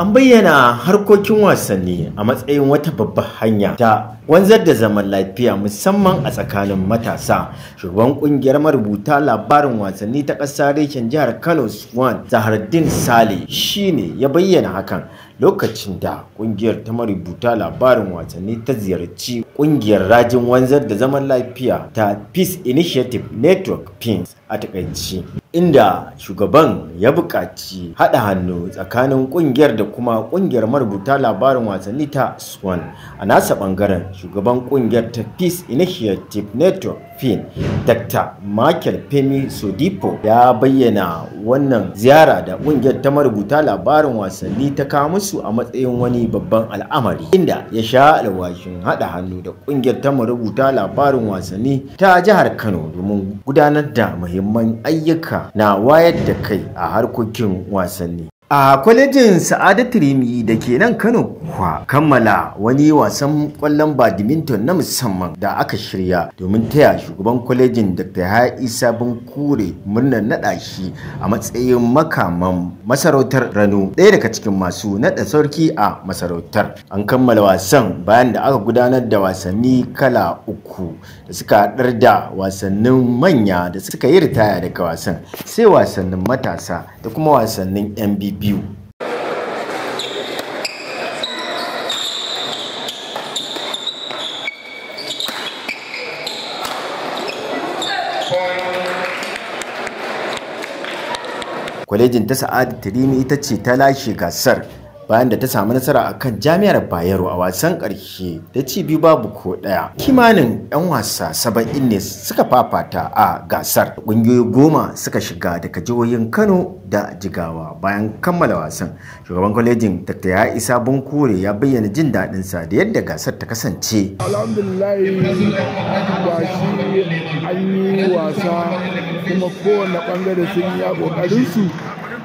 An bayyana harkokin wasanni a matsayin wata babbar hanya ta wanzar da zaman lafiya musamman a tsakanin matasa. Shugaban kungiyar marubuta labarin wasanni ta ƙasa reshen jihar Kano Swan Zahardin Sale shine ya bayyana hakan lokacin da kungiyar ta marubuta labarin wasanni ta ziyarci kungiyar rajin wanzar da zaman lafiya ta Peace Initiative Network PINS a takaici inda shugaban ya buƙaci haɗa hannu tsakanin ƙungiyar da kuma ƙungiyar marubuta labarin wasanni ta swan a nasa ɓangaren shugaban ƙungiyar ta peace initiative network fin dr michael femi sodipo ya bayyana wannan ziyara da ƙungiyar ta marubuta labarin wasanni ta kawo musu a matsayin wani babban al'amari inda ya sha alwashin haɗa hannu da ƙungiyar ta marubuta labarin wasanni ta jihar kano domin gudanar da muhimmanci muhimman ayyuka na wayar da kai a harkokin wasanni. a kwalejin sa'adatu rimi da ke nan kano kwa kammala wani wasan kwallon badminton na musamman da aka shirya domin taya shugaban kwalejin dr ya bin kure murnar naɗa shi a matsayin makaman masarautar rano ɗaya daga cikin masu naɗa sarki a masarautar an kammala wasan bayan da aka gudanar da wasanni kala uku da suka haɗar da wasannin manya da suka yi ritaya daga wasan sai wasannin matasa da kuma wasannin mbb biyu kwalejin ta sa'adu tirimi ita ce ta lashe gasar bayan da ta samu nasara a kan jami'ar bayero a wasan ƙarshe da ci biyu babu ko ɗaya kimanin 'yan wasa saba'in ne suka fafata a gasar ƙungiyoyi goma suka shiga daga jihohin kano da jigawa bayan kammala wasan shugaban kwalejin dr ya isa bunkure ya bayyana jin daɗinsa da yadda gasar ta kasance alhamdulillahi an yi wasa kuma kowane ɓangare sun yi a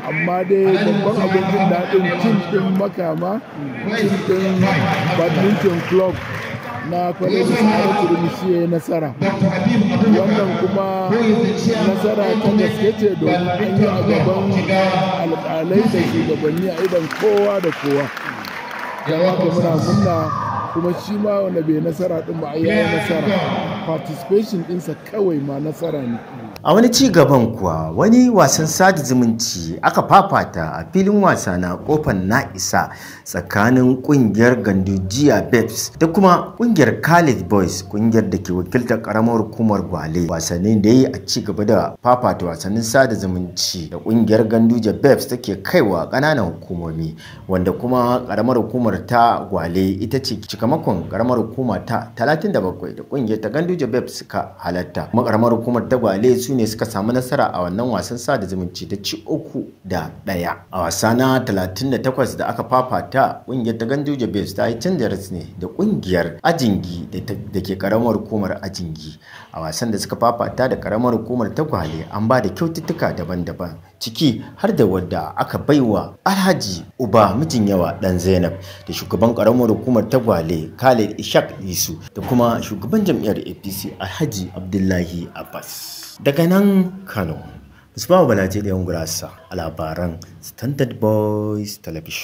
amma dai babban abokin daɗin cin ɗin makama cin ɗin badminton club na kwalejin sa'adatu rumishi ya yi nasara wannan kuma nasara ta gaske ce domin an yi a gaban alƙalai da shugabanni a idan kowa da kowa da muna kuma shi ma wanda bai nasara ɗin ba a yi nasara participation ɗinsa kawai ma nasara ne a wani ci gaban kuwa wani wasan sada zumunci aka fafata a filin wasa na kofar na'isa tsakanin kungiyar gandujiya babes da kuma kungiyar khalid boys kungiyar da ke wakiltar karamar hukumar gwale wasannin da yi a ci gaba da fafata wasannin sada zumunci da kungiyar gandujiya babes take kaiwa kananan hukumomi wanda kuma karamar hukumar ta gwale ita ce cikamakon karamar hukuma ta 37 da kungiyar ta gandu Abuja Babs suka halatta. Makaramar hukumar Dagwale su ne suka samu nasara a wannan wasan sada zumunci ta ci uku da ɗaya. A wasa na 38 da aka fafata ƙungiyar ta Ganduje Babs ta yi canjar ne da ƙungiyar Ajingi da ke karamar hukumar Ajingi. A wasan da suka fafata da karamar hukumar Dagwale an ba da kyaututtuka daban-daban ciki har da wadda aka baiwa alhaji uba mijin yawa dan zainab da shugaban karamar hukumar tagwale khalid ishaq isu da kuma shugaban jam'iyyar apc alhaji abdullahi abbas daga nan kano musamman bala ce da yan gurasa a labaran standard boys television